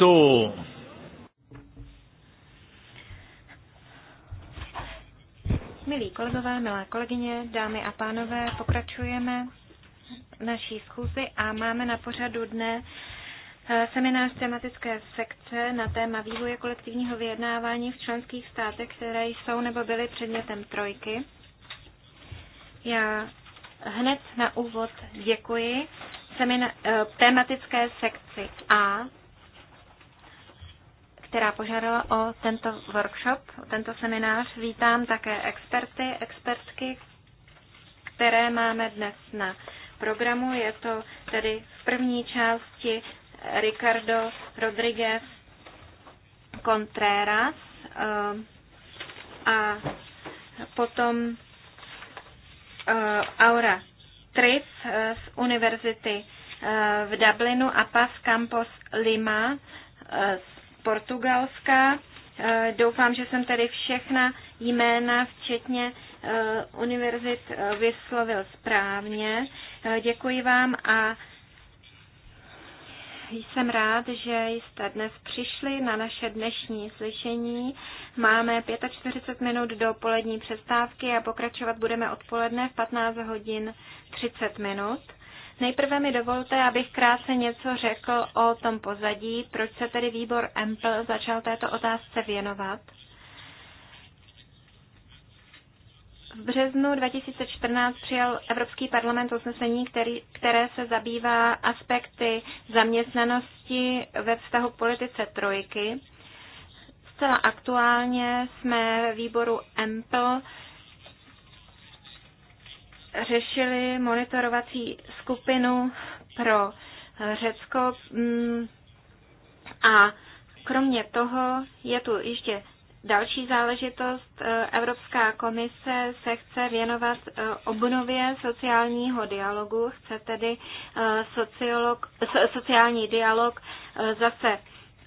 So. Milí kolegové, milé kolegyně, dámy a pánové, pokračujeme naší schůzi a máme na pořadu dne eh, seminář tematické sekce na téma vývoje kolektivního vyjednávání v členských státech, které jsou nebo byly předmětem trojky. Já hned na úvod děkuji semina- eh, tematické sekci A která požádala o tento workshop, o tento seminář. Vítám také experty, expertky, které máme dnes na programu. Je to tedy v první části Ricardo Rodriguez Contreras eh, a potom eh, Aura Tritz eh, z Univerzity v Dublinu a Paz Campos Lima z Portugalska. Eh, doufám, že jsem tady všechna jména, včetně eh, univerzit, eh, vyslovil správně. Děkuji vám a jsem rád, že jste dnes přišli na naše dnešní slyšení. Máme 45 minut do polední přestávky a pokračovat budeme odpoledne v 15 hodin 30 minut. Nejprve mi dovolte, abych krátce něco řekl o tom pozadí, proč se tedy výbor EMPL začal této otázce věnovat. V březnu 2014 přijal Evropský parlament usnesení, který, které se zabývá aspekty zaměstnanosti ve vztahu k politice trojky. Zcela aktuálně jsme výboru EMPL řešili monitorovací skupinu pro Řecko mm, a kromě toho je tu ještě Další záležitost, e, Evropská komise se chce věnovat e, obnově sociálního dialogu, chce tedy e, sociolog, sociální dialog zase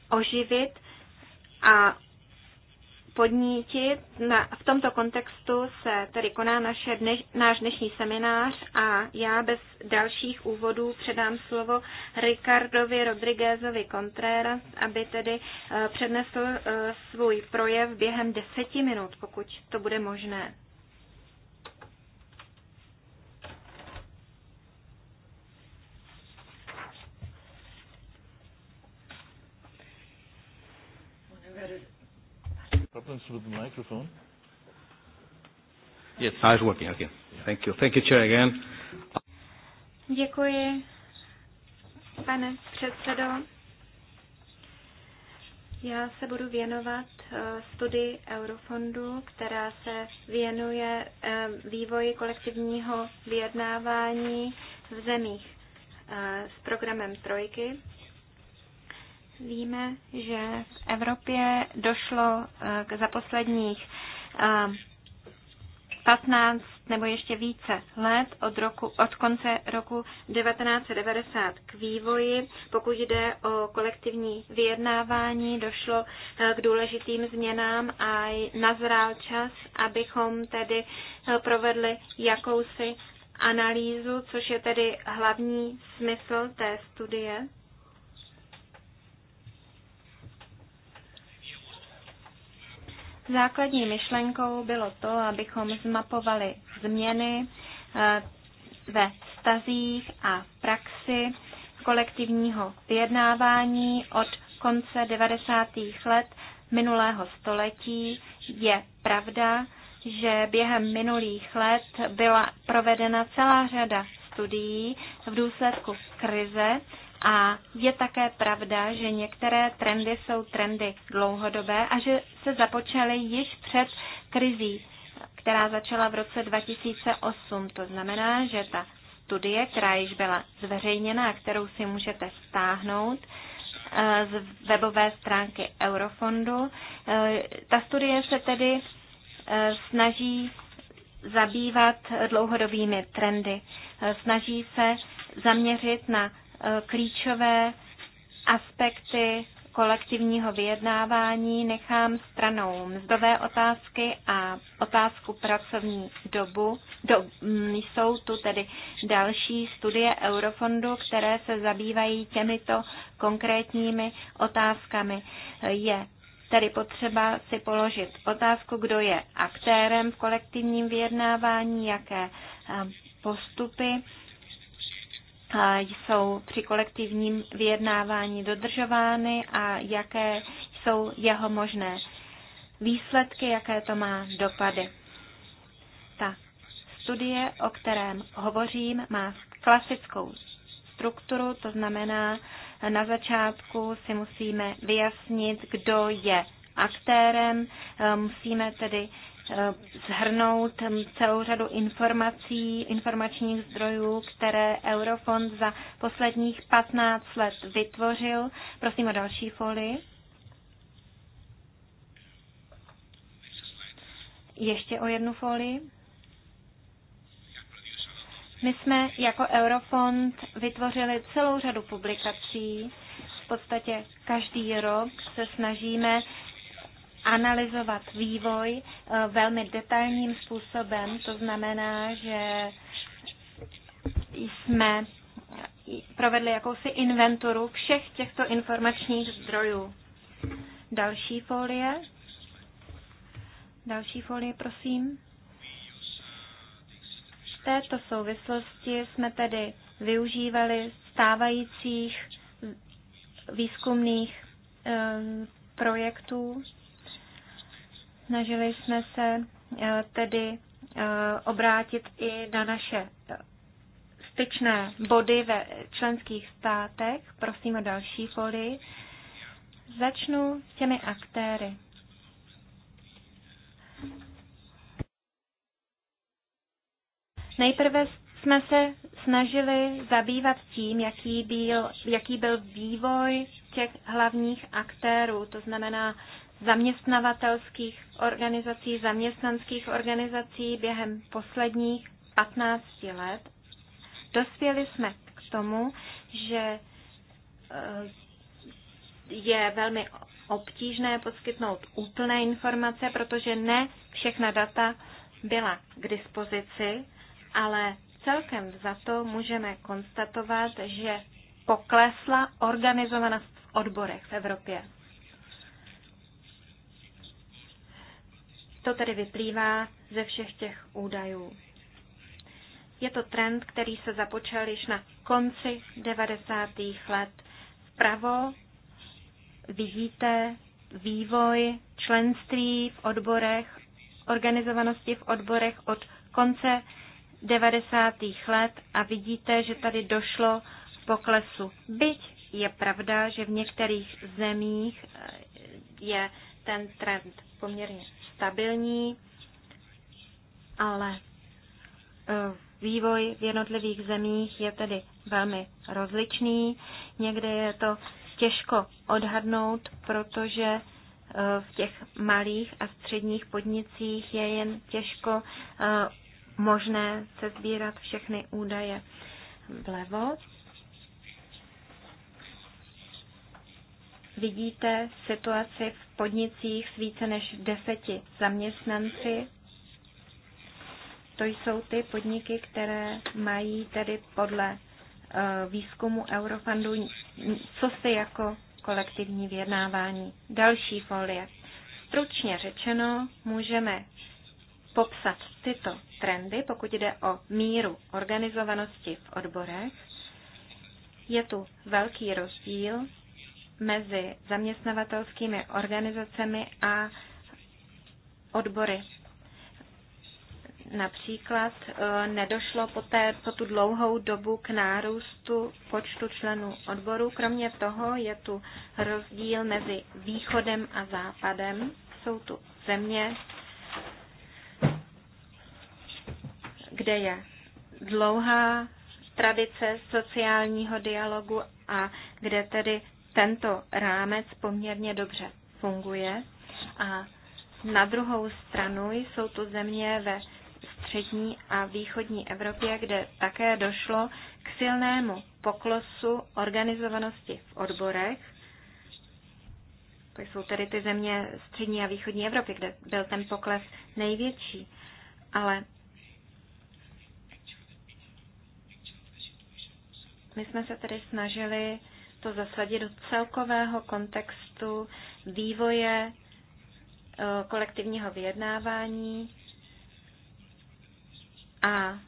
oživit a podnítit. Na, v tomto kontextu se tedy koná naše dneš, náš dnešní seminář a já bez dalších úvodů předám slovo Ricardovi Rodriguezovi Contreras, aby tedy eh, přednesl eh, svůj projev během deseti minut, pokud to bude možné. happens with the microphone? Yes, now ah, it's working. Okay. Thank you. Thank you, Chair, again. Děkuji, pane předsedo. Já se budu věnovat eh, studii Eurofondu, která se věnuje eh, vývoji kolektivního vyjednávání v zemích eh, s programem Trojky. Víme, že v Evropě došlo eh, k za posledních 15 eh, nebo ještě více let od, roku, od konce roku 1990 k vývoji. Pokud jde o kolektivní vyjednávání, došlo eh, k důležitým změnám a nazrál čas, abychom tedy provedli jakousi analýzu, což je tedy hlavní smysl té studie. Základní myšlenkou bylo to, abychom zmapovali změny eh, ve stazích a v praxi kolektivního vyjednávání od konce 90. let minulého století. Je pravda, že během minulých let byla provedena celá řada studií v důsledku krize, a je také pravda, že některé trendy jsou trendy dlouhodobé a že se započaly již před krizí, která začala v roce 2008. To znamená, že ta studie, která již byla zveřejněna a kterou si můžete stáhnout eh, z webové stránky Eurofondu, eh, ta studie se tedy eh, snaží zabývat dlouhodobými trendy. Snaží se zaměřit na Eh, klíčové aspekty kolektivního vyjednávání nechám stranou mzdové otázky a otázku pracovní dobu. Do, mm, jsou tu tedy další studie Eurofondu, které se zabývají těmito konkrétními otázkami. Je tedy potřeba si položit otázku, kdo je aktérem v kolektivním vyjednávání, jaké eh, postupy jsou při kolektivním vyjednávání dodržovány a jaké jsou jeho možné výsledky, jaké to má dopady. Ta studie, o kterém hovořím, má klasickou strukturu, to znamená, na začátku si musíme vyjasnit, kdo je aktérem, musíme tedy zhrnout celou řadu informací, informačních zdrojů, které Eurofond za posledních 15 let vytvořil. Prosím o další folii. Ještě o jednu folii. My jsme jako Eurofond vytvořili celou řadu publikací. V podstatě každý rok se snažíme analyzovat vývoj eh, velmi detailním způsobem. To znamená, že jsme provedli jakousi inventuru všech těchto informačních zdrojů. Další folie. Další folie, prosím. V této souvislosti jsme tedy využívali stávajících výzkumných eh, projektů Snažili jsme se eh, tedy eh, obrátit i na naše eh, styčné body ve členských státech. Prosím o další folii. Začnu s těmi aktéry. Nejprve jsme se snažili zabývat tím, jaký byl, jaký byl vývoj těch hlavních aktérů, to znamená zaměstnavatelských organizací, zaměstnanských organizací během posledních 15 let, dospěli jsme k tomu, že eh, je velmi obtížné poskytnout úplné informace, protože ne všechna data byla k dispozici, ale celkem za to můžeme konstatovat, že poklesla organizovanost v odborech v Evropě. To tedy vyplývá ze všech těch údajů. Je to trend, který se započal již na konci 90. let. Vpravo vidíte vývoj členství v odborech, organizovanosti v odborech od konce 90. let a vidíte, že tady došlo k poklesu. Byť je pravda, že v některých zemích eh, je ten trend poměrně stabilní, ale e, vývoj v jednotlivých zemích je tedy velmi rozličný. Někde je to těžko odhadnout, protože e, v těch malých a středních podnicích je jen těžko e, možné se sbírat všechny údaje vlevo. Vidíte situaci v podnicích s více než deseti zaměstnanci. To jsou ty podniky, které mají tedy podle eh, výzkumu Eurofundu, co se jako kolektivní vyjednávání. Další folie. Stručně řečeno, můžeme popsat tyto trendy, pokud jde o míru organizovanosti v odborech. Je tu velký rozdíl mezi zaměstnavatelskými organizacemi a odbory. Například e, nedošlo po, té, po tu dlouhou dobu k nárůstu počtu členů odboru. Kromě toho je tu rozdíl mezi východem a západem. Jsou tu země, kde je dlouhá tradice sociálního dialogu a kde tedy tento rámec poměrně dobře funguje a na druhou stranu jsou to země ve střední a východní Evropě, kde také došlo k silnému poklosu organizovanosti v odborech. To jsou tedy ty země střední a východní Evropy, kde byl ten pokles největší. Ale my jsme se tedy snažili to zasadit do celkového kontextu vývoje e, kolektivního vyjednávání a e,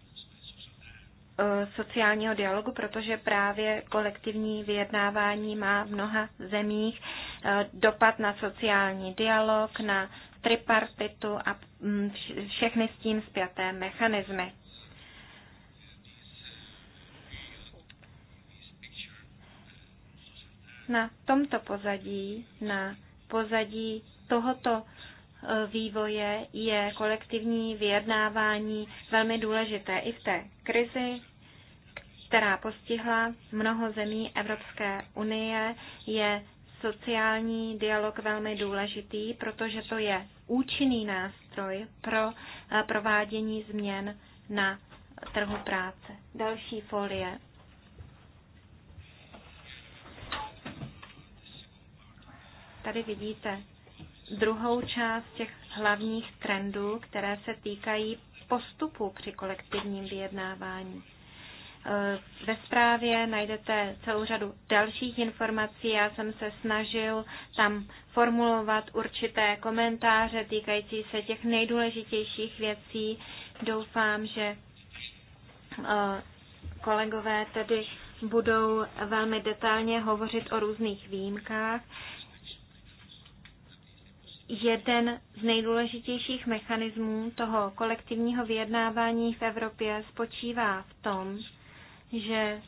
sociálního dialogu, protože právě kolektivní vyjednávání má v mnoha zemích e, dopad na sociální dialog, na tripartitu a mm, všechny s tím spjaté mechanismy. na tomto pozadí, na pozadí tohoto e, vývoje je kolektivní vyjednávání velmi důležité i v té krizi, která postihla mnoho zemí Evropské unie, je sociální dialog velmi důležitý, protože to je účinný nástroj pro e, provádění změn na trhu práce. Další folie. Tady vidíte druhou část těch hlavních trendů, které se týkají postupu při kolektivním vyjednávání. Ve zprávě najdete celou řadu dalších informací. Já jsem se snažil tam formulovat určité komentáře týkající se těch nejdůležitějších věcí. Doufám, že eh, kolegové tedy budou velmi detailně hovořit o různých výjimkách jeden z nejdůležitějších mechanismů toho kolektivního vyjednávání v Evropě spočívá v tom, že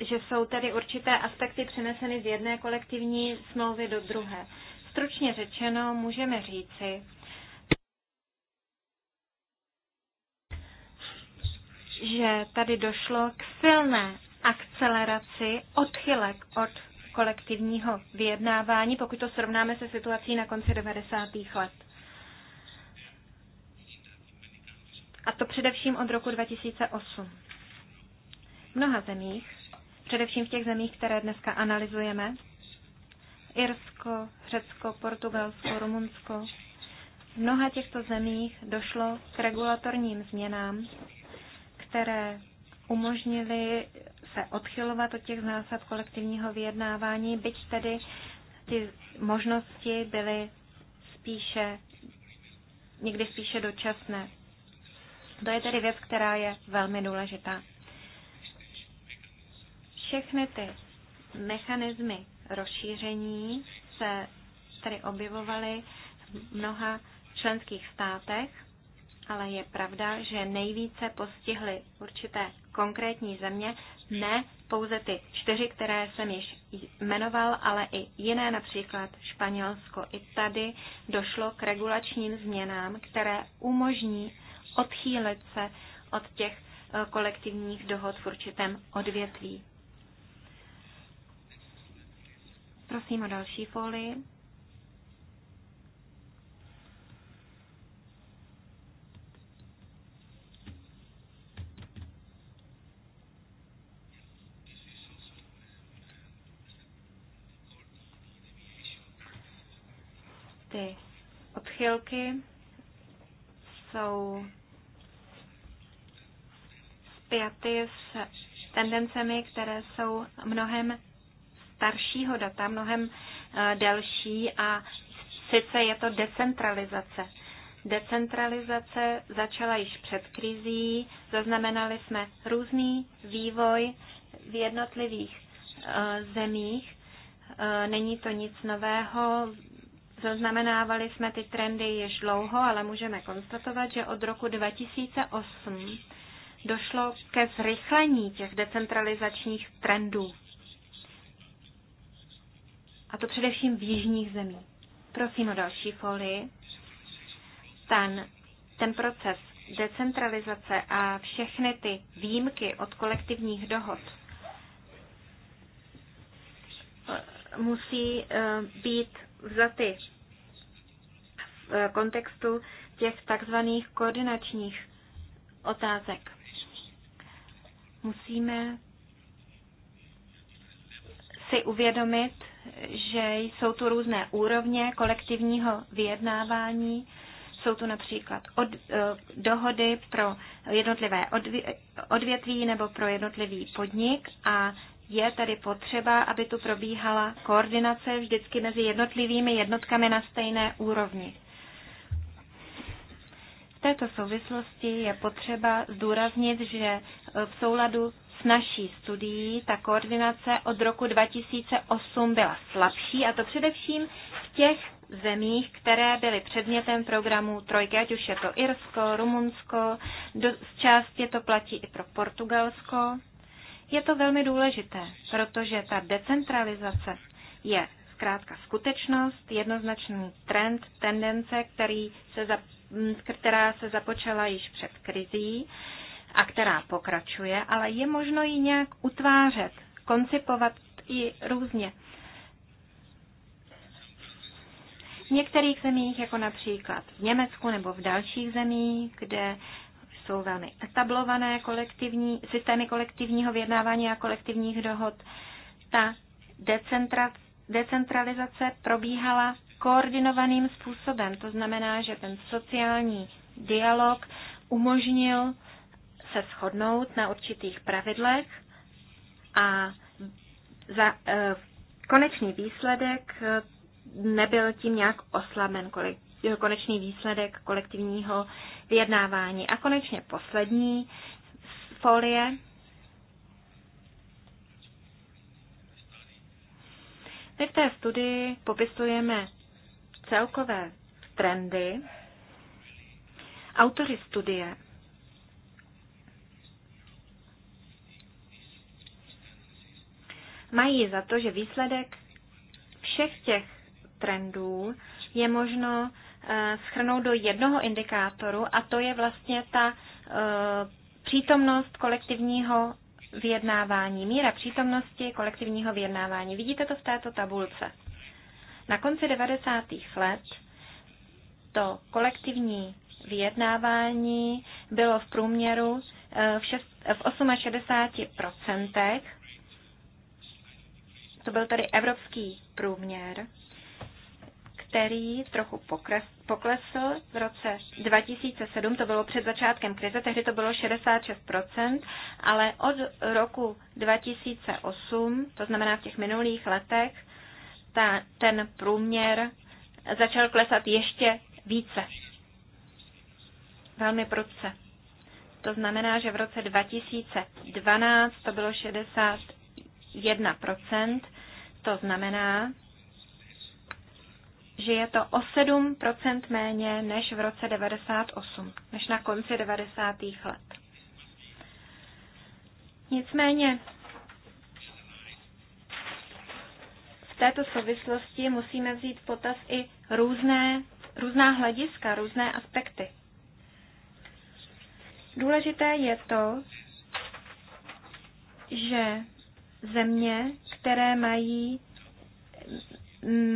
že jsou tedy určité aspekty přeneseny z jedné kolektivní smlouvy do druhé. Stručně řečeno, můžeme říci, že tady došlo k silné akceleraci odchylek od kolektivního vyjednávání, pokud to srovnáme se situací na konci 90. let. A to především od roku 2008. V mnoha zemích, především v těch zemích, které dneska analyzujeme, Irsko, Řecko, Portugalsko, Rumunsko, v mnoha těchto zemích došlo k regulatorním změnám, které umožnili se odchylovat od těch zásad kolektivního vyjednávání, byť tedy ty možnosti byly spíše, někdy spíše dočasné. To je tedy věc, která je velmi důležitá. Všechny ty mechanismy rozšíření se tedy objevovaly v mnoha členských státech ale je pravda, že nejvíce postihly určité konkrétní země, ne pouze ty čtyři, které jsem již jmenoval, ale i jiné, například Španělsko. I tady došlo k regulačním změnám, které umožní odchýlit se od těch eh, kolektivních dohod v určitém odvětví. Prosím o další folii. ty odchylky jsou spjaty s tendencemi, které jsou mnohem staršího data, mnohem eh, delší a sice je to decentralizace. Decentralizace začala již před krizí, zaznamenali jsme různý vývoj v jednotlivých eh, zemích. Eh, není to nic nového, Zaznamenávali jsme ty trendy již dlouho, ale můžeme konstatovat, že od roku 2008 došlo ke zrychlení těch decentralizačních trendů. A to především v jižních zemích. Prosím o další folii. Ten, ten proces decentralizace a všechny ty výjimky od kolektivních dohod eh, musí eh, být vzaty v eh, kontextu těch takzvaných koordinačních otázek. Musíme si uvědomit, že jsou tu různé úrovně kolektivního vyjednávání. Jsou tu například od, eh, dohody pro jednotlivé odvětví nebo pro jednotlivý podnik a je tedy potřeba, aby tu probíhala koordinace vždycky mezi jednotlivými jednotkami na stejné úrovni. V této souvislosti je potřeba zdůraznit, že v souladu s naší studií ta koordinace od roku 2008 byla slabší, a to především v těch zemích, které byly předmětem programu Trojky, ať už je to Irsko, Rumunsko, do, z části to platí i pro Portugalsko. Je to velmi důležité, protože ta decentralizace je zkrátka skutečnost, jednoznačný trend, tendence, který se za, která se započala již před krizí a která pokračuje, ale je možno ji nějak utvářet, koncipovat i různě. V některých zemích, jako například v Německu nebo v dalších zemích, kde jsou velmi etablované kolektivní, systémy kolektivního vyjednávání a kolektivních dohod. Ta decentra, decentralizace probíhala koordinovaným způsobem. To znamená, že ten sociální dialog umožnil se shodnout na určitých pravidlech a za, e, konečný výsledek e, nebyl tím nějak oslaben. Kolektivní jeho konečný výsledek kolektivního vyjednávání. A konečně poslední folie. My v té studii popisujeme celkové trendy. Autoři studie mají za to, že výsledek všech těch trendů je možno Eh, schrnout do jednoho indikátoru a to je vlastně ta eh, přítomnost kolektivního vyjednávání, míra přítomnosti kolektivního vyjednávání. Vidíte to v této tabulce. Na konci 90. let to kolektivní vyjednávání bylo v průměru eh, v, 68%. To byl tady evropský průměr který trochu pokres, poklesl v roce 2007, to bylo před začátkem krize, tehdy to bylo 66%, ale od roku 2008, to znamená v těch minulých letech, ta, ten průměr začal klesat ještě více. Velmi prudce. To znamená, že v roce 2012 to bylo 61%, to znamená, že je to o 7 méně než v roce 98, než na konci 90. let. Nicméně v této souvislosti musíme vzít potaz i různé, různá hlediska, různé aspekty. Důležité je to, že země, které mají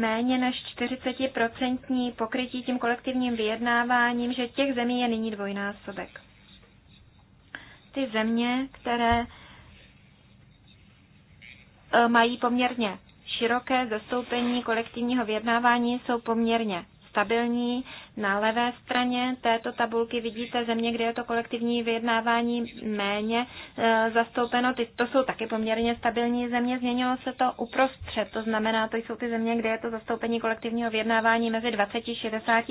méně než 40% pokrytí tím kolektivním vyjednáváním, že těch zemí je nyní dvojnásobek. Ty země, které e, mají poměrně široké zastoupení kolektivního vyjednávání, jsou poměrně stabilní. Na levé straně této tabulky vidíte země, kde je to kolektivní vyjednávání méně e, zastoupeno. Ty, to jsou taky poměrně stabilní země. Změnilo se to uprostřed, to znamená, to jsou ty země, kde je to zastoupení kolektivního vyjednávání mezi 20 a 60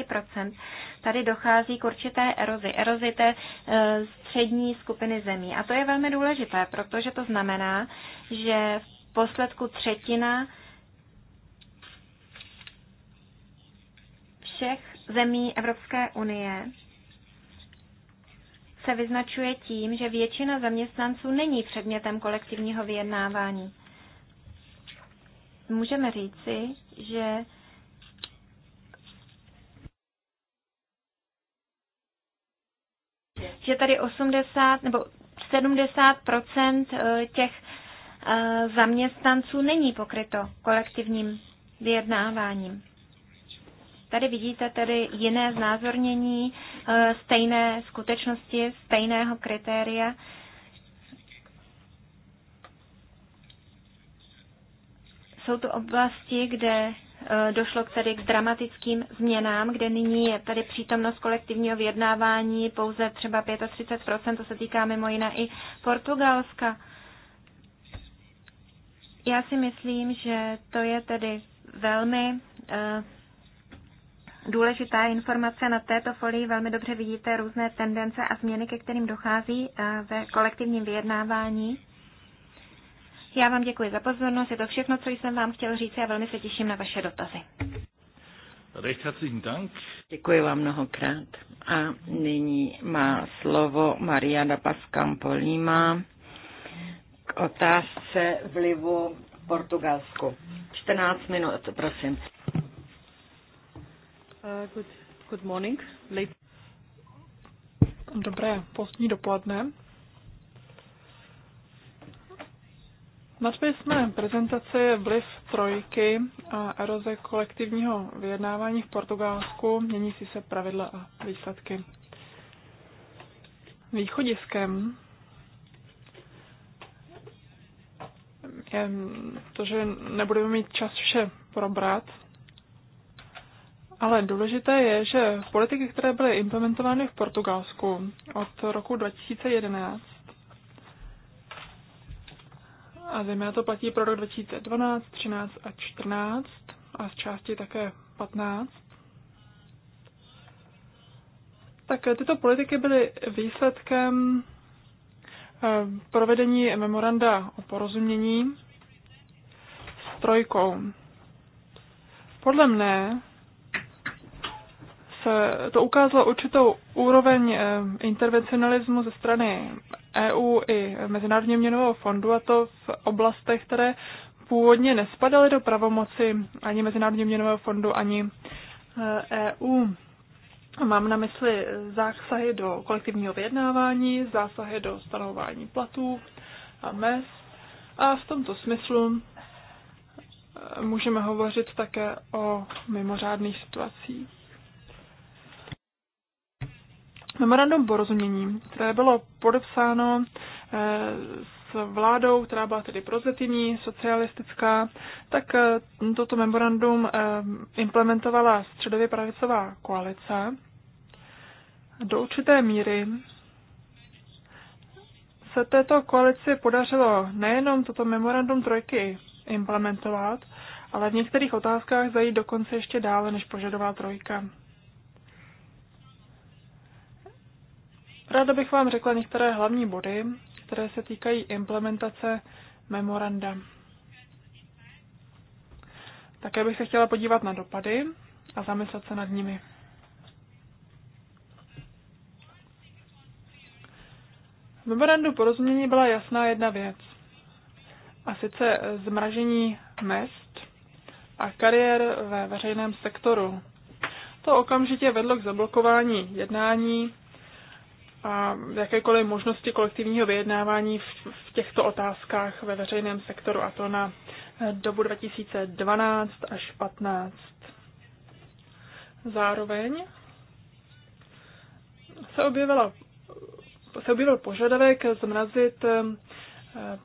Tady dochází k určité erozi, erozi té e, střední skupiny zemí. A to je velmi důležité, protože to znamená, že v posledku třetina všech zemí Evropské unie se vyznačuje tím, že většina zaměstnanců není předmětem kolektivního vyjednávání. Můžeme říci, že že tady 80 nebo 70 eh, těch eh, zaměstnanců není pokryto kolektivním vyjednáváním. Tady vidíte tedy jiné znázornění e, stejné skutečnosti, stejného kritéria. Jsou to oblasti, kde e, došlo k tedy k dramatickým změnám, kde nyní je tady přítomnost kolektivního vyjednávání pouze třeba 35%, to se týká mimo jiné i Portugalska. Já si myslím, že to je tedy velmi e, důležitá informace. Na této folii velmi dobře vidíte různé tendence a změny, ke kterým dochází eh, ve kolektivním vyjednávání. Já vám děkuji za pozornost. Je to všechno, co jsem vám chtěl říct a velmi se těším na vaše dotazy. Děkuji vám mnohokrát. A nyní má slovo Mariana Paskampolíma k otázce vlivu Portugalsku. 14 minut, prosím. Eh, Dobré pozdní dopoledne. Nazvali jsme prezentaci Vliv trojky a eroze kolektivního vyjednávání v Portugalsku, mění si se pravidla a výsledky. Východiskem je to, že nebudeme mít čas vše probrat, ale důležité je, že politiky, které byly implementovány v Portugalsku od roku 2011, a zejména to platí pro rok 2012, 13 a 14 a z části také 15, tak tyto politiky byly výsledkem eh, provedení memoranda o porozumění s trojkou. Podle mne se eh, to ukázalo určitou úroveň eh, intervencionalismu ze strany EU i Mezinárodního měnového fondu a to v oblastech, které původně nespadaly do pravomoci ani Mezinárodního měnového fondu, ani EU. Eh, e Mám na mysli zásahy do kolektivního vyjednávání, zásahy do stanovování platů a mest. A v tomto smyslu můžeme hovořit také o mimořádných situacích. Memorandum porozumění, které bylo podepsáno eh, s vládou, která byla tedy prozetivní, socialistická, tak eh, toto memorandum eh, implementovala středově pravicová koalice. Do určité míry se této koalici podařilo nejenom toto memorandum trojky implementovat, ale v některých otázkách zajít dokonce ještě dále, než požadovala trojka. Ráda bych vám řekla některé hlavní body, které se týkají implementace memoranda. Také bych se chtěla podívat na dopady a zamyslet se nad nimi. V memorandu porozumění byla jasná jedna věc, a sice zmražení mest a kariér ve veřejném sektoru. To okamžitě vedlo k zablokování jednání a jakékoliv možnosti kolektivního vyjednávání v, v těchto otázkách ve veřejném sektoru a to na eh, dobu 2012 až 15. Zároveň se, objevila, se objevil požadavek zmrazit eh,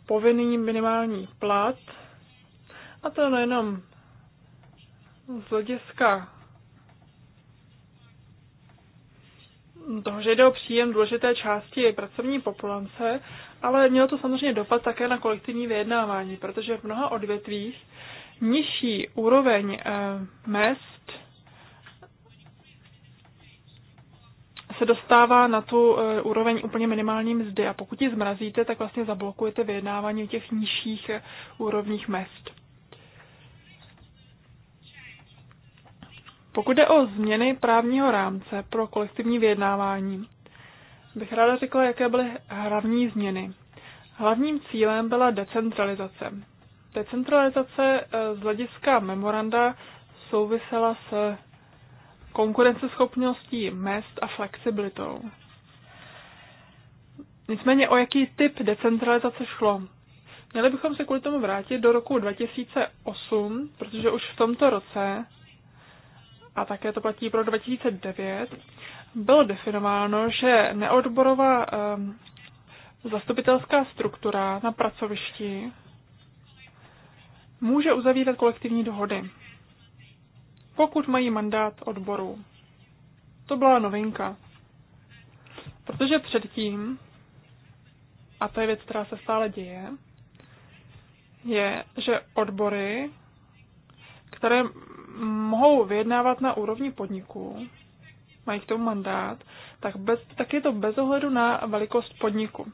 povinný minimální plat a to nejenom z hlediska toho, že jde o příjem důležité části pracovní populace, ale mělo to samozřejmě dopad také na kolektivní vyjednávání, protože v mnoha odvětvích nižší úroveň eh, mest se dostává na tu eh, úroveň úplně minimální mzdy a pokud ji zmrazíte, tak vlastně zablokujete vyjednávání těch nižších eh, úrovních mest. Pokud jde o změny právního rámce pro kolektivní vyjednávání, bych ráda řekla, jaké byly hlavní změny. Hlavním cílem byla decentralizace. Decentralizace eh, z hlediska memoranda souvisela s konkurenceschopností mest a flexibilitou. Nicméně o jaký typ decentralizace šlo? Měli bychom se kvůli tomu vrátit do roku 2008, protože už v tomto roce a také to platí pro 2009, bylo definováno, že neodborová um, zastupitelská struktura na pracovišti může uzavírat kolektivní dohody, pokud mají mandát odboru. To byla novinka. Protože předtím, a to je věc, která se stále děje, je, že odbory, které mohou vyjednávat na úrovni podniků, mají k tomu mandát, tak, bez, tak je to bez ohledu na velikost podniku.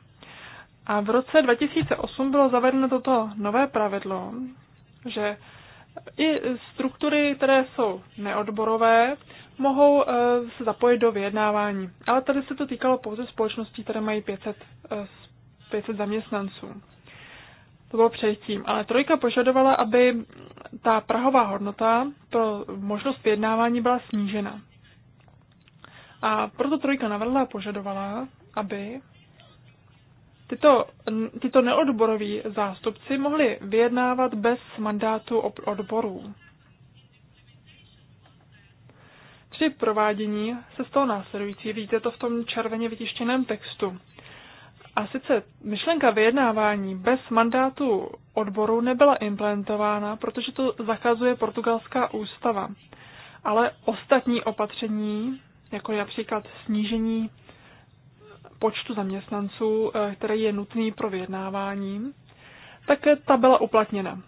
A v roce 2008 bylo zavedeno toto nové pravidlo, že i struktury, které jsou neodborové, mohou eh, se zapojit do vyjednávání. Ale tady se to týkalo pouze společností, které mají 500, 500 eh, zaměstnanců. To bylo předtím. Ale trojka požadovala, aby ta prahová hodnota pro možnost vyjednávání byla snížena. A proto trojka navrhla a požadovala, aby tyto, tyto neodboroví zástupci mohli vyjednávat bez mandátu odborů. Při provádění se stalo následující, vidíte to v tom červeně vytištěném textu. A sice myšlenka vyjednávání bez mandátu odboru nebyla implementována, protože to zakazuje portugalská ústava. Ale ostatní opatření, jako je například snížení počtu zaměstnanců, eh, který je nutný pro vyjednávání, tak ta byla uplatněna.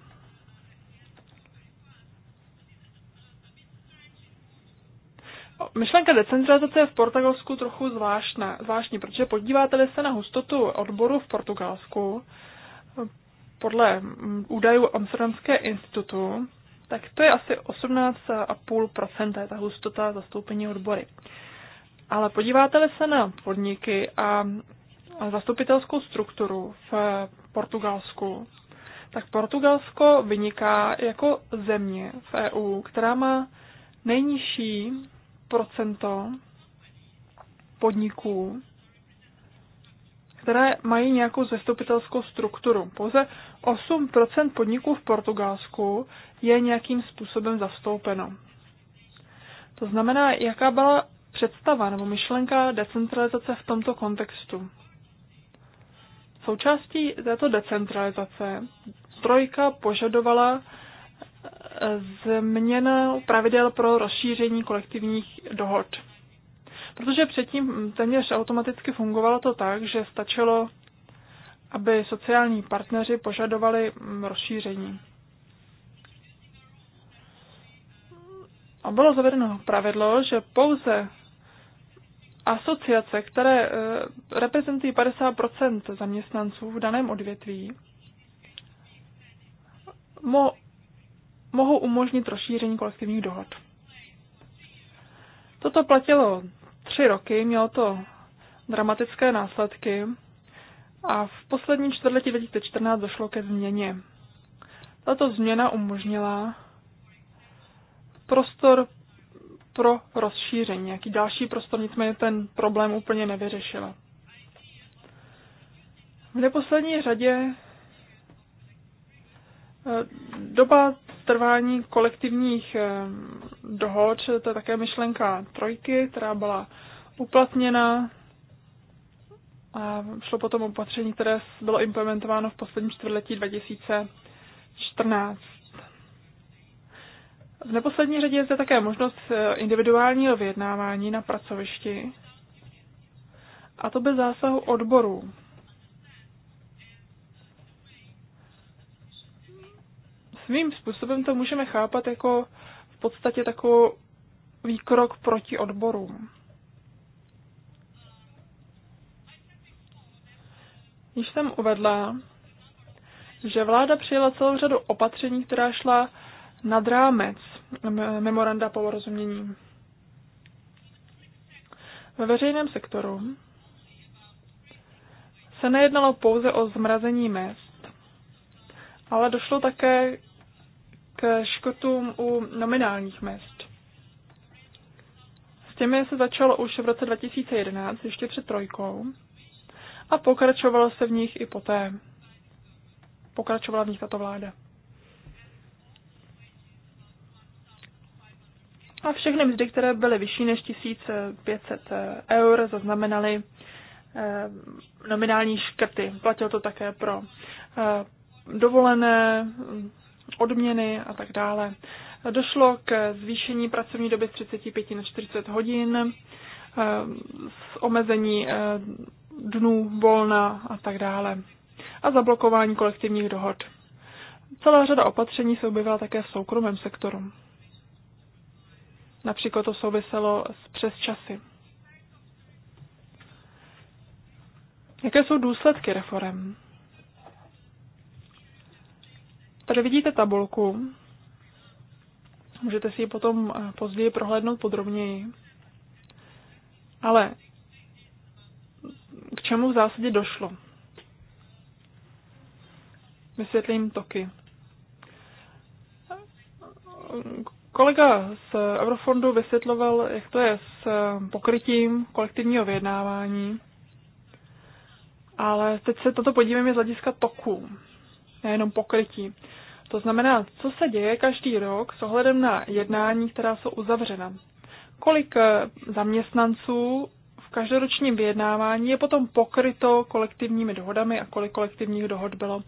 Myšlenka decentralizace v Portugalsku trochu zvláštna, zvláštní, protože podíváte-li se na hustotu odboru v Portugalsku, podle mm, údajů Amsterdamské institutu, tak to je asi 18,5%, je ta hustota zastoupení odbory. Ale podíváte-li se na podniky a zastupitelskou strukturu v Portugalsku, tak Portugalsko vyniká jako země v EU, která má nejnižší procento podniků, které mají nějakou zastupitelskou strukturu. Pouze 8% podniků v Portugalsku je nějakým způsobem zastoupeno. To znamená, jaká byla představa nebo myšlenka decentralizace v tomto kontextu. Součástí této decentralizace trojka požadovala změna pravidel pro rozšíření kolektivních dohod. Protože předtím téměř automaticky fungovalo to tak, že stačilo, aby sociální partneři požadovali mm, rozšíření. A bylo zavedeno pravidlo, že pouze asociace, které e, reprezentují 50 zaměstnanců v daném odvětví, mohou umožnit rozšíření kolektivních dohod. Toto platilo tři roky, mělo to dramatické následky a v posledním čtvrtletí 2014 došlo ke změně. Tato změna umožnila prostor pro rozšíření, nějaký další prostor, nicméně ten problém úplně nevyřešila. V neposlední řadě eh, doba trvání kolektivních eh, dohod, to je také myšlenka trojky, která byla uplatněna a šlo potom opatření, které bylo implementováno v posledním čtvrtletí 2014. V neposlední řadě je zde také možnost eh, individuálního vyjednávání na pracovišti, a to bez zásahu odborů. svým způsobem to můžeme chápat jako v podstatě takový krok proti odborům. Již jsem uvedla, že vláda přijela celou řadu opatření, která šla nad rámec memoranda porozumění. Ve veřejném sektoru se nejednalo pouze o zmrazení mest, ale došlo také k škotům u nominálních mest. S těmi se začalo už v roce 2011, ještě před trojkou, a pokračovalo se v nich i poté. Pokračovala v nich tato vláda. A všechny mzdy, které byly vyšší než 1500 eur, zaznamenaly eh, nominální škrty. Platilo to také pro eh, dovolené, odměny a tak dále. Došlo k zvýšení pracovní doby z 35 na 40 hodin, s eh, omezení eh, dnů volna a tak dále a zablokování kolektivních dohod. Celá řada opatření se objevila také v soukromém sektoru. Například to souviselo s přesčasy. Jaké jsou důsledky reform? Tady vidíte tabulku. Můžete si ji potom eh, později prohlédnout podrobněji. Ale k čemu v zásadě došlo? Vysvětlím toky. Kolega z Eurofondu vysvětloval, jak to je s eh, pokrytím kolektivního vyjednávání, ale teď se toto podívejme z hlediska toků nejenom pokrytí. To znamená, co se děje každý rok s ohledem na jednání, která jsou uzavřena. Kolik eh, zaměstnanců v každoročním vyjednávání je potom pokryto kolektivními dohodami a kolik kolektivních dohod bylo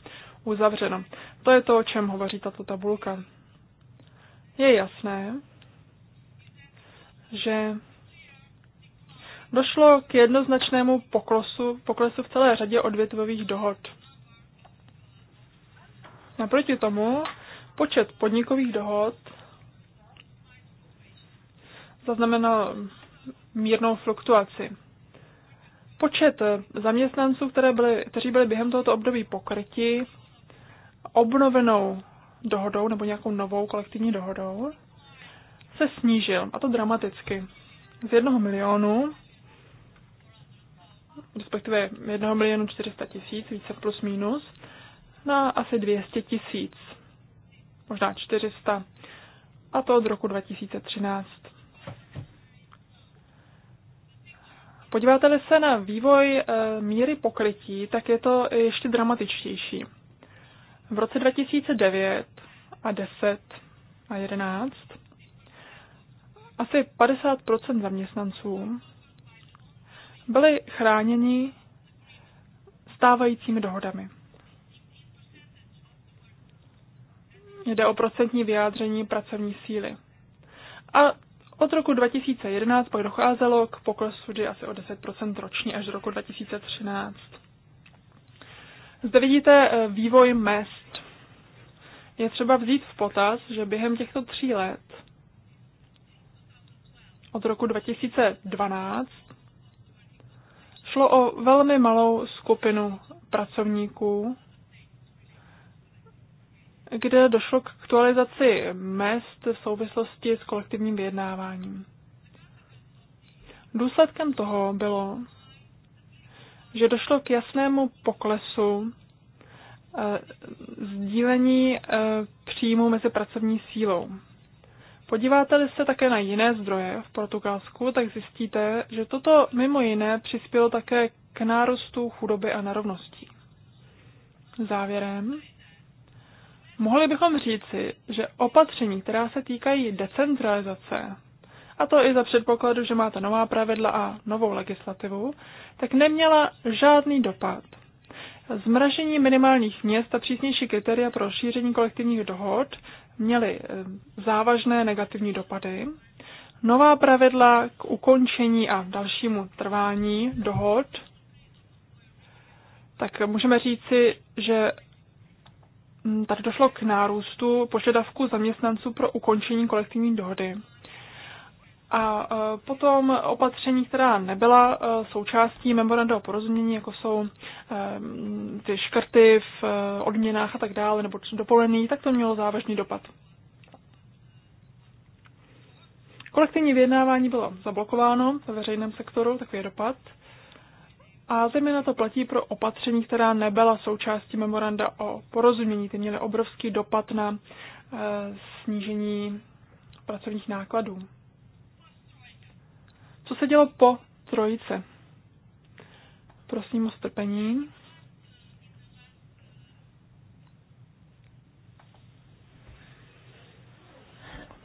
uzavřeno. To je to, o čem hovoří tato tabulka. Je jasné, že došlo k jednoznačnému poklesu, poklesu v celé řadě odvětvových dohod. Naproti tomu počet podnikových dohod zaznamenal mírnou fluktuaci. Počet zaměstnanců, které byly, kteří byli během tohoto období pokryti obnovenou dohodou nebo nějakou novou kolektivní dohodou, se snížil, a to dramaticky. Z jednoho milionu, respektive jednoho milionu 400 tisíc, více plus minus, na asi 200 tisíc, možná 400, a to od roku 2013. Podíváte-li se na vývoj eh, míry pokrytí, tak je to ještě dramatičtější. V roce 2009 a 10 a 11 asi 50 zaměstnanců byli chráněni stávajícími dohodami. Jde o procentní vyjádření pracovní síly. A od roku 2011 pak docházelo k poklesu asi o 10% ročně až do roku 2013. Zde vidíte eh, vývoj mest. Je třeba vzít v potaz, že během těchto tří let, od roku 2012, šlo o velmi malou skupinu pracovníků, kde došlo k aktualizaci mest v souvislosti s kolektivním vyjednáváním. Důsledkem toho bylo, že došlo k jasnému poklesu eh, sdílení eh, příjmu mezi pracovní sílou. Podíváte-li se také na jiné zdroje v Portugalsku, tak zjistíte, že toto mimo jiné přispělo také k nárůstu chudoby a nerovností. Závěrem, Mohli bychom říci, že opatření, která se týkají decentralizace, a to i za předpokladu, že máte nová pravidla a novou legislativu, tak neměla žádný dopad. Zmražení minimálních měst a přísnější kritéria pro šíření kolektivních dohod měly eh, závažné negativní dopady. Nová pravidla k ukončení a dalšímu trvání dohod, tak můžeme říci, že Mm, tady došlo k nárůstu požadavku zaměstnanců pro ukončení kolektivní dohody. A e, potom opatření, která nebyla e, součástí memorandového porozumění, jako jsou e, mm, ty škrty v odměnách a tak dále, nebo dopolený, tak to mělo závažný dopad. Kolektivní vyjednávání bylo zablokováno ve veřejném sektoru, takový je dopad. A zejména to platí pro opatření, která nebyla součástí memoranda o porozumění. Ty měly obrovský dopad na eh, snížení pracovních nákladů. Co se dělo po trojice? Prosím o strpení.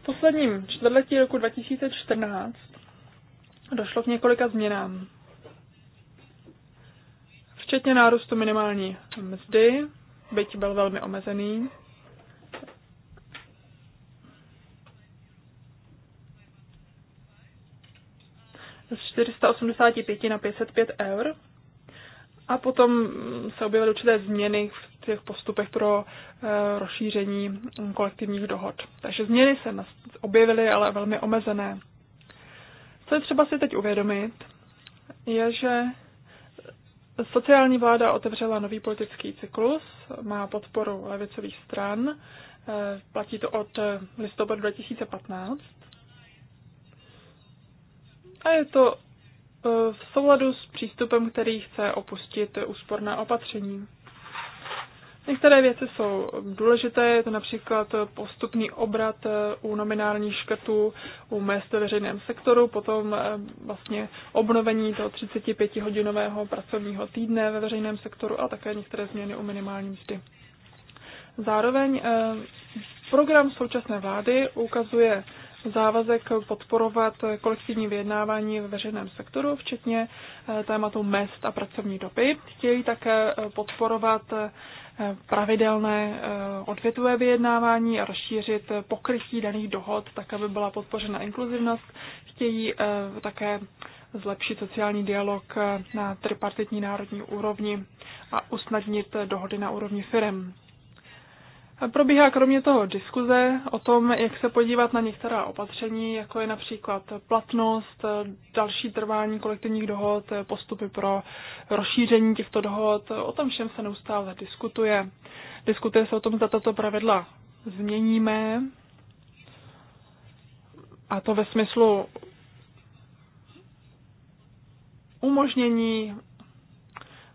V posledním čtvrtletí roku 2014 došlo k několika změnám včetně nárůstu minimální mzdy, byť byl velmi omezený. Z 485 na 505 eur. A potom se objevily určité změny v těch postupech pro eh, rozšíření kolektivních dohod. Takže změny se objevily, ale velmi omezené. Co je třeba si teď uvědomit, je, že Sociální vláda otevřela nový politický cyklus, má podporu levicových stran, e, platí to od e, listopadu 2015. A je to e, v souladu s přístupem, který chce opustit úsporné opatření. Některé věci jsou důležité, je to například postupný obrat eh, u nominálních škrtů u mest ve veřejném sektoru, potom eh, vlastně obnovení toho 35-hodinového pracovního týdne ve veřejném sektoru a také některé změny u minimální mzdy. Zároveň eh, program současné vlády ukazuje závazek podporovat kolektivní vyjednávání ve veřejném sektoru, včetně tématu mest a pracovní doby. Chtějí také podporovat pravidelné eh, odvětové vyjednávání a rozšířit pokrytí daných dohod, tak aby byla podpořena inkluzivnost. Chtějí eh, také zlepšit sociální dialog eh, na tripartitní národní úrovni a usnadnit dohody na úrovni firm. Probíhá kromě toho diskuze o tom, jak se podívat na některá opatření, jako je například platnost, další trvání kolektivních dohod, postupy pro rozšíření těchto dohod. O tom všem se neustále diskutuje. Diskutuje se o tom, zda tato pravidla změníme, a to ve smyslu umožnění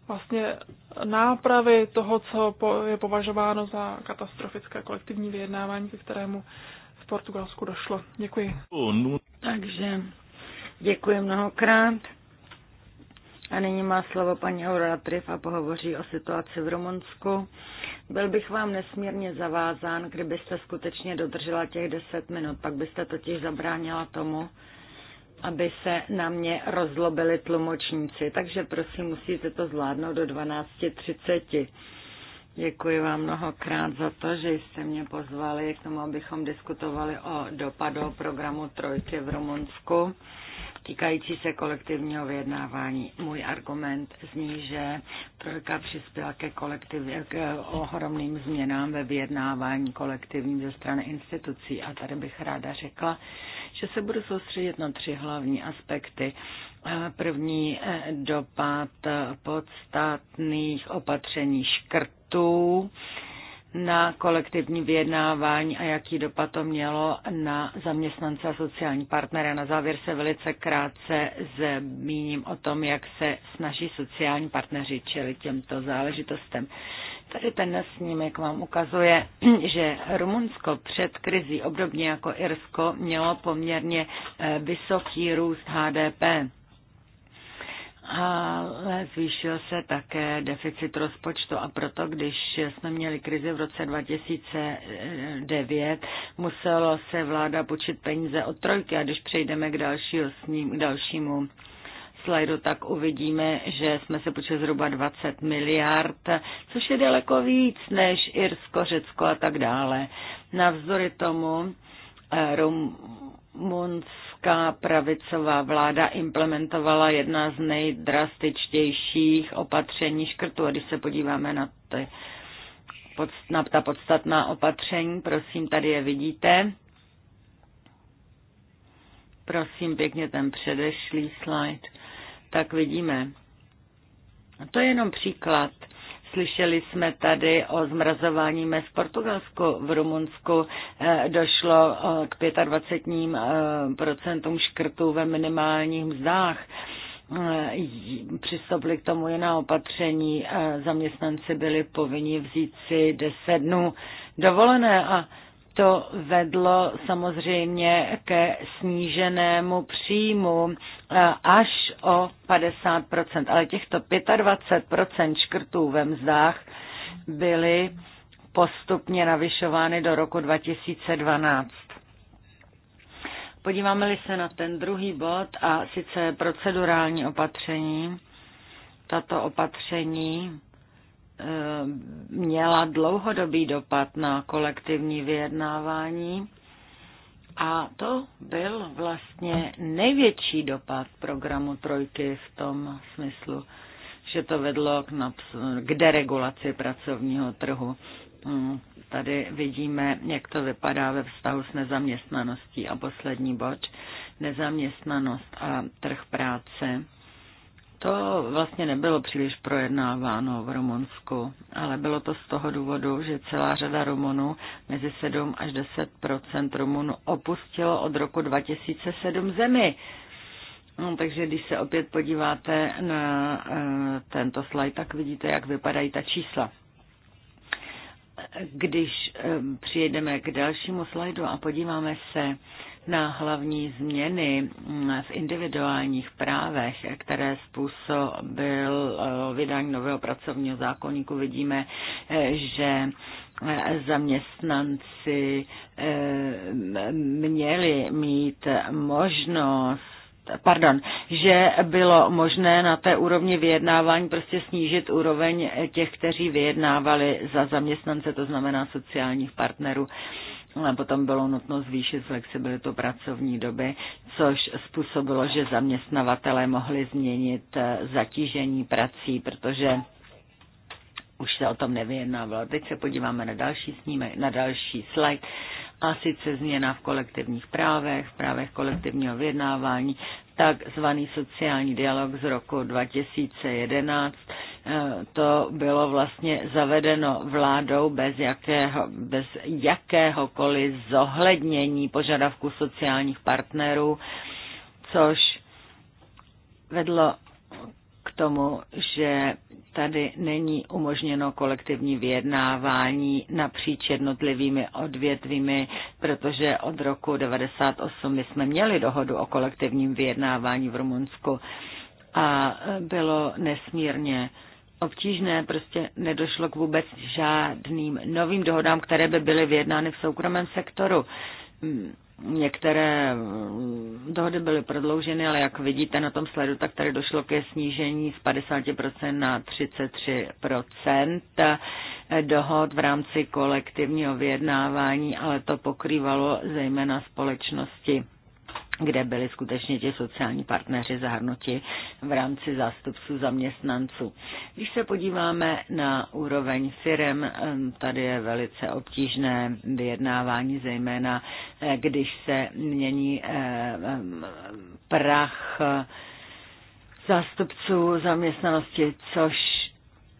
vlastně nápravy toho, co je považováno za katastrofické kolektivní vyjednávání, ke kterému v Portugalsku došlo. Děkuji. Takže děkuji mnohokrát. A nyní má slovo paní Aurora Trif a pohovoří o situaci v Rumunsku. Byl bych vám nesmírně zavázán, kdybyste skutečně dodržela těch deset minut, pak byste totiž zabránila tomu, aby se na mě rozlobili tlumočníci. Takže prosím, musíte to zvládnout do 12.30. Děkuji vám mnohokrát za to, že jste mě pozvali k tomu, abychom diskutovali o dopadu programu Trojky v Rumunsku týkající se kolektivního vyjednávání. Můj argument zní, že trojka přispěla ke, kolektiv, k ohromným změnám ve vyjednávání kolektivním ze strany institucí. A tady bych ráda řekla, že se budu soustředit na tři hlavní aspekty. Eh, první eh, dopad eh, podstatných opatření škrtů na kolektivní vyjednávání a jaký dopad to mělo na zaměstnance a sociální partnery. Na závěr se velice krátce zmíním o tom, jak se snaží sociální partneři čelit těmto záležitostem. Tady ten snímek vám ukazuje, že Rumunsko před krizí, obdobně jako Irsko, mělo poměrně eh, vysoký růst HDP. Ale zvýšil se také deficit rozpočtu a proto, když jsme měli krizi v roce 2009, muselo se vláda počít peníze od trojky a když přejdeme k, dalšího sním, k dalšímu slajdu, tak uvidíme, že jsme se počítali zhruba 20 miliard, což je daleko víc než Irsko, Řecko a tak dále. Navzdory tomu eh, rumunská pravicová vláda implementovala jedna z nejdrastičtějších opatření škrtu. A když se podíváme na, ty, na ta podstatná opatření, prosím, tady je vidíte. Prosím, pěkně ten předešlý slide tak vidíme. A to je jenom příklad. Slyšeli jsme tady o zmrazování mez v Portugalsku, v Rumunsku eh, došlo eh, k 25% eh, škrtů ve minimálních mzdách. Přistoupili k tomu jiná opatření, zaměstnanci byli povinni vzít si 10 dnů dovolené a to vedlo samozřejmě ke sníženému příjmu e, až o 50%, ale těchto 25% škrtů ve mzdách byly postupně navyšovány do roku 2012. Podíváme-li se na ten druhý bod a sice procedurální opatření. Tato opatření Eh, měla dlouhodobý dopad na kolektivní vyjednávání a to byl vlastně největší dopad programu Trojky v tom smyslu, že to vedlo k, naps- k deregulaci pracovního trhu. Hmm, tady vidíme, jak to vypadá ve vztahu s nezaměstnaností. A poslední bod, nezaměstnanost a trh práce to vlastně nebylo příliš projednáváno v Rumunsku, ale bylo to z toho důvodu, že celá řada Rumunů, mezi 7 až 10 Rumunů, opustilo od roku 2007 zemi. No, takže když se opět podíváte na e, tento slide, tak vidíte, jak vypadají ta čísla. Když e, přijedeme k dalšímu slajdu a podíváme se na hlavní změny mm, v individuálních právech, které způsobil eh, vydání nového pracovního zákonníku, vidíme, eh, že eh, zaměstnanci měli mít možnost pardon, že bylo možné na té úrovni vyjednávání prostě snížit úroveň těch, kteří vyjednávali za zaměstnance, to znamená sociálních partnerů. Eh, ale potom bylo nutno zvýšit flexibilitu pracovní doby, což způsobilo, že zaměstnavatele mohli změnit eh, zatížení prací, protože už se o tom nevyjednávalo. Teď se podíváme na další snímek, na další slide a sice změna v kolektivních právech, v právech kolektivního vyjednávání, takzvaný sociální dialog z roku 2011. Eh, to bylo vlastně zavedeno vládou bez, jakého, bez jakéhokoliv zohlednění požadavků sociálních partnerů, což vedlo tomu, že tady není umožněno kolektivní vyjednávání napříč jednotlivými odvětvími, protože od roku 1998 my jsme měli dohodu o kolektivním vyjednávání v Rumunsku a bylo nesmírně obtížné, prostě nedošlo k vůbec žádným novým dohodám, které by byly vyjednány v soukromém sektoru Některé mm, dohody byly prodlouženy, ale jak vidíte na tom sledu, tak tady došlo ke snížení z 50% na 33% dohod v rámci kolektivního vyjednávání, ale to pokrývalo zejména společnosti kde byli skutečně ti sociální partneři zahrnuti v rámci zástupců zaměstnanců. Když se podíváme na úroveň firem, tady je velice obtížné vyjednávání, zejména eh, když se mění eh, prach eh, zástupců zaměstnanosti, což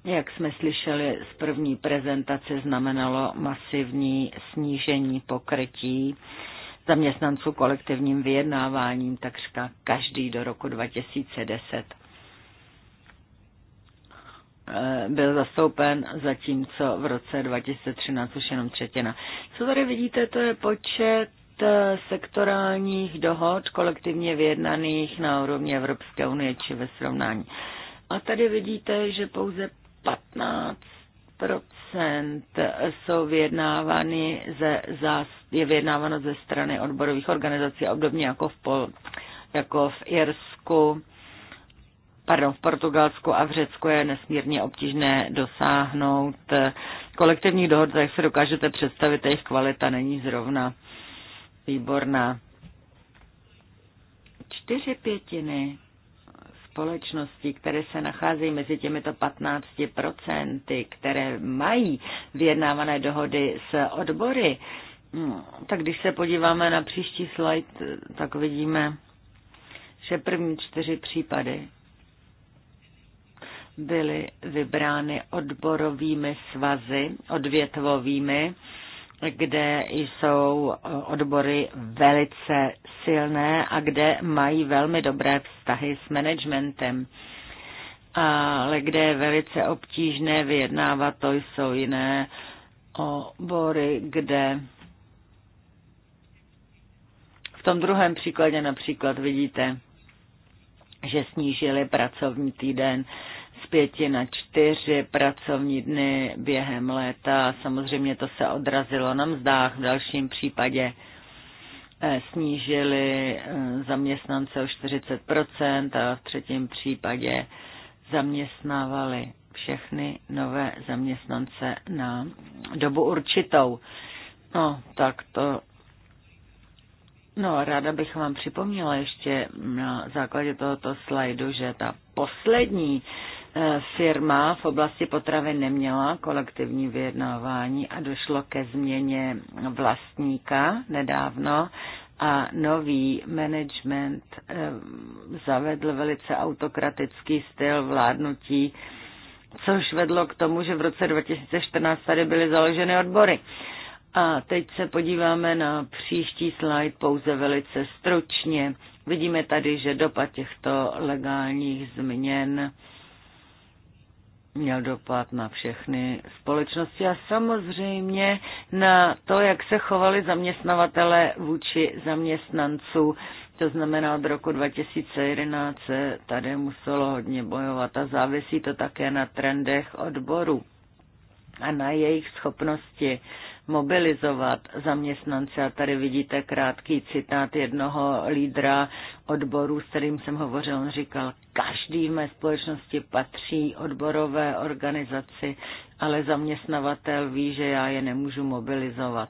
jak jsme slyšeli z první prezentace, znamenalo masivní snížení pokrytí zaměstnanců kolektivním vyjednáváním takřka každý do roku 2010 eh, byl zastoupen, zatímco v roce 2013 už jenom třetina. Co tady vidíte, to je počet eh, sektorálních dohod kolektivně vyjednaných na úrovni Evropské unie či ve srovnání. A tady vidíte, že pouze 15 jsou vyjednávány ze, je vyjednáváno ze strany odborových organizací, obdobně jako v, Pol, jako v Irsku, pardon, v Portugalsku a v Řecku je nesmírně obtížné dosáhnout kolektivních dohod, jak se dokážete představit, jejich kvalita není zrovna výborná. Čtyři pětiny společnosti, které se nacházejí mezi těmito 15%, které mají vyjednávané dohody s odbory, hm, tak když se podíváme na příští slide, tak vidíme, že první čtyři případy byly vybrány odborovými svazy, odvětvovými, kde jsou e, odbory velice silné a kde mají velmi dobré vztahy s managementem. Ale kde je velice obtížné vyjednávat, to jsou jiné obory, kde v tom druhém příkladě například vidíte, že snížili pracovní týden pěti na čtyři pracovní dny během léta. Samozřejmě to se odrazilo na mzdách. V dalším případě eh, snížili eh, zaměstnance o 40% a v třetím případě zaměstnávali všechny nové zaměstnance na dobu určitou. No, tak to No, ráda bych vám připomněla ještě na základě tohoto slajdu, že ta poslední E, firma v oblasti potravy neměla kolektivní vyjednávání a došlo ke změně vlastníka nedávno a nový management e, zavedl velice autokratický styl vládnutí, což vedlo k tomu, že v roce 2014 tady byly založeny odbory. A teď se podíváme na příští slide pouze velice stručně. Vidíme tady, že dopad těchto legálních změn měl dopad na všechny společnosti a samozřejmě na to, jak se chovali zaměstnavatele vůči zaměstnanců. To znamená, od roku 2011 se tady muselo hodně bojovat a závisí to také na trendech odboru a na jejich schopnosti mobilizovat zaměstnance. A tady vidíte krátký citát jednoho lídra odboru, s kterým jsem hovořil. On říkal, každý v mé společnosti patří odborové organizaci, ale zaměstnavatel ví, že já je nemůžu mobilizovat.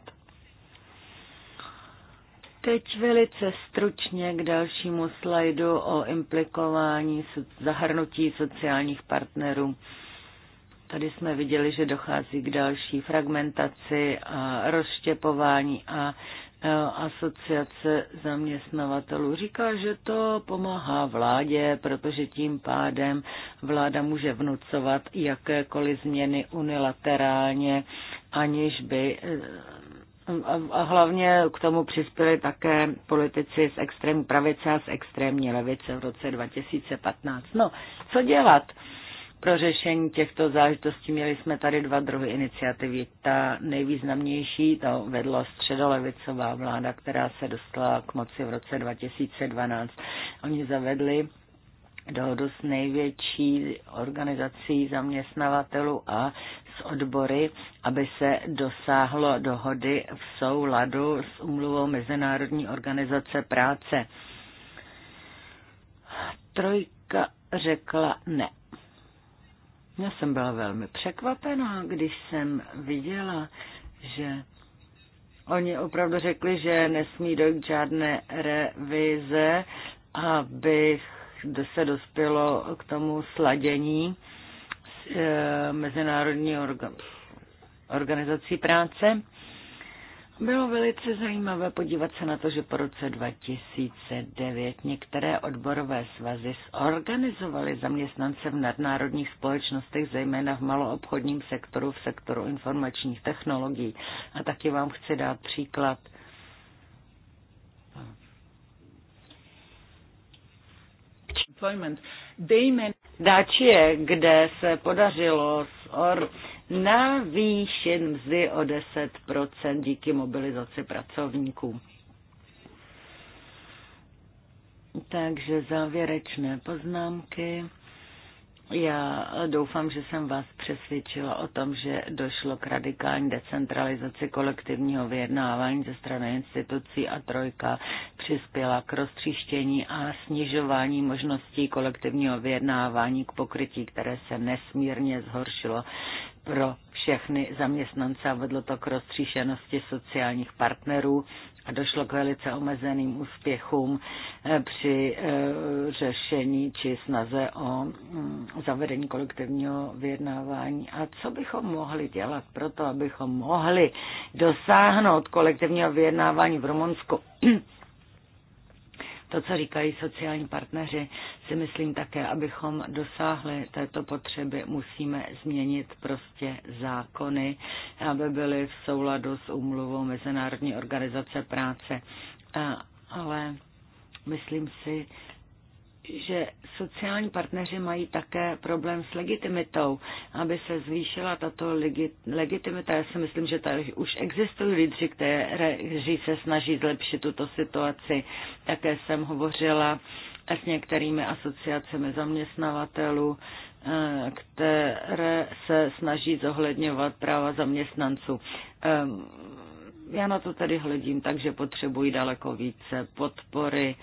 Teď velice stručně k dalšímu slajdu o implikování zahrnutí sociálních partnerů. Tady jsme viděli, že dochází k další fragmentaci a rozštěpování a e, asociace zaměstnavatelů říká, že to pomáhá vládě, protože tím pádem vláda může vnucovat jakékoliv změny unilaterálně, aniž by e, a hlavně k tomu přispěli také politici z extrémní pravice a z extrémní levice v roce 2015. No, co dělat? pro řešení těchto záležitostí. Měli jsme tady dva druhy iniciativy. Ta nejvýznamnější to vedla středolevicová vláda, která se dostala k moci v roce 2012. Oni zavedli dohodu s největší organizací zaměstnavatelů a s odbory, aby se dosáhlo dohody v souladu s umluvou Mezinárodní organizace práce. Trojka řekla ne. Já jsem byla velmi překvapená, když jsem viděla, že oni opravdu řekli, že nesmí dojít k žádné revize, abych se dospělo k tomu sladění s e, Mezinárodní orga, organizací práce. Bylo velice zajímavé podívat se na to, že po roce 2009 některé odborové svazy zorganizovaly zaměstnance v nadnárodních společnostech, zejména v maloobchodním sektoru, v sektoru informačních technologií. A taky vám chci dát příklad. Dáči je, kde se podařilo navýšit mzdy o 10% díky mobilizaci pracovníků. Takže závěrečné poznámky. Já doufám, že jsem vás přesvědčila o tom, že došlo k radikální decentralizaci kolektivního vyjednávání ze strany institucí a trojka přispěla k roztříštění a snižování možností kolektivního vyjednávání k pokrytí, které se nesmírně zhoršilo pro všechny zaměstnance a vedlo to k roztříšenosti sociálních partnerů a došlo k velice omezeným úspěchům eh, při eh, řešení či snaze o mm, zavedení kolektivního vyjednávání. A co bychom mohli dělat pro to, abychom mohli dosáhnout kolektivního vyjednávání v Rumunsku? To, co říkají sociální partneři, si myslím také, abychom dosáhli této potřeby, musíme změnit prostě zákony, aby byly v souladu s úmluvou Mezinárodní organizace práce. Ale myslím si, že sociální partneři mají také problém s legitimitou. Aby se zvýšila tato legitimita, já si myslím, že tady už existují lidři, kteří se snaží zlepšit tuto situaci. Také jsem hovořila s některými asociacemi zaměstnavatelů, eh, které se snaží zohledňovat práva zaměstnanců. Ehm, já na to tedy hledím, takže potřebuji daleko více podpory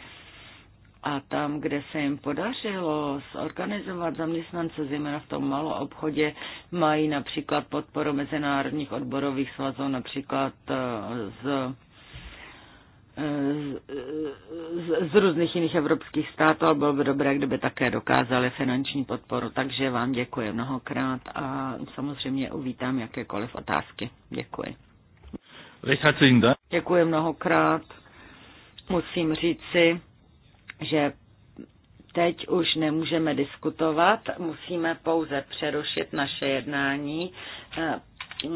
a tam, kde se jim podařilo zorganizovat zaměstnance, zejména v tom malou obchodě, mají například podporu mezinárodních odborových svazů, například eh, z z, eh, z, z různých jiných evropských států, ale bylo by dobré, kdyby také dokázali finanční podporu. Takže vám děkuji mnohokrát a samozřejmě uvítám jakékoliv otázky. Děkuji. Děkuji mnohokrát. Musím říci, že teď už nemůžeme diskutovat, musíme pouze přerušit naše jednání. Eh,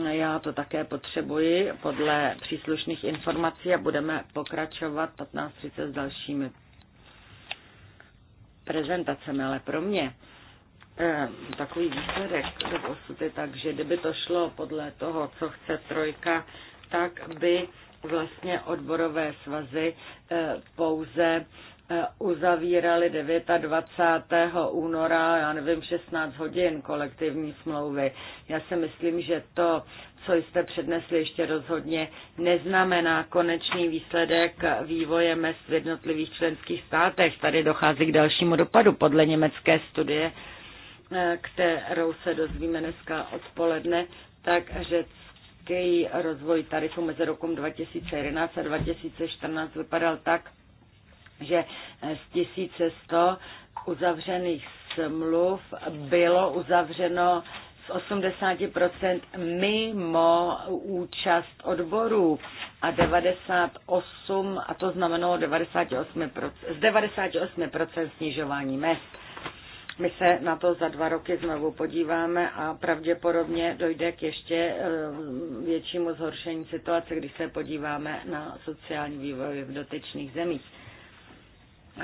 já to také potřebuji podle příslušných informací a budeme pokračovat 15.30 s dalšími prezentacemi, ale pro mě eh, takový výsledek do posud je tak, že kdyby to šlo podle toho, co chce trojka, tak by vlastně odborové svazy eh, pouze Eh, uzavírali 29. února, já nevím, 16 hodin kolektivní smlouvy. Já si myslím, že to, co jste přednesli, ještě rozhodně neznamená konečný výsledek vývoje mest v jednotlivých členských státech. Tady dochází k dalšímu dopadu podle německé studie, eh, kterou se dozvíme dneska odpoledne, tak řecký rozvoj tarifu mezi rokem 2011 a 2014 vypadal tak, že z 1100 uzavřených smluv bylo uzavřeno z 80% mimo účast odborů a 98, a to znamenalo 98%, z 98% snižování mest. My se na to za dva roky znovu podíváme a pravděpodobně dojde k ještě eh, většímu zhoršení situace, když se podíváme na sociální vývoj v dotyčných zemích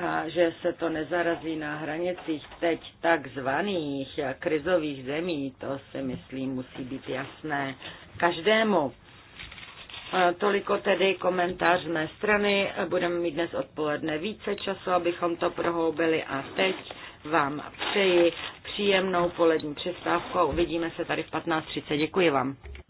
a že se to nezarazí na hranicích teď takzvaných krizových zemí, to si myslím musí být jasné každému. Toliko tedy komentář z mé strany. Budeme mít dnes odpoledne více času, abychom to prohoubili a teď vám přeji příjemnou polední přestávku uvidíme se tady v 15.30. Děkuji vám.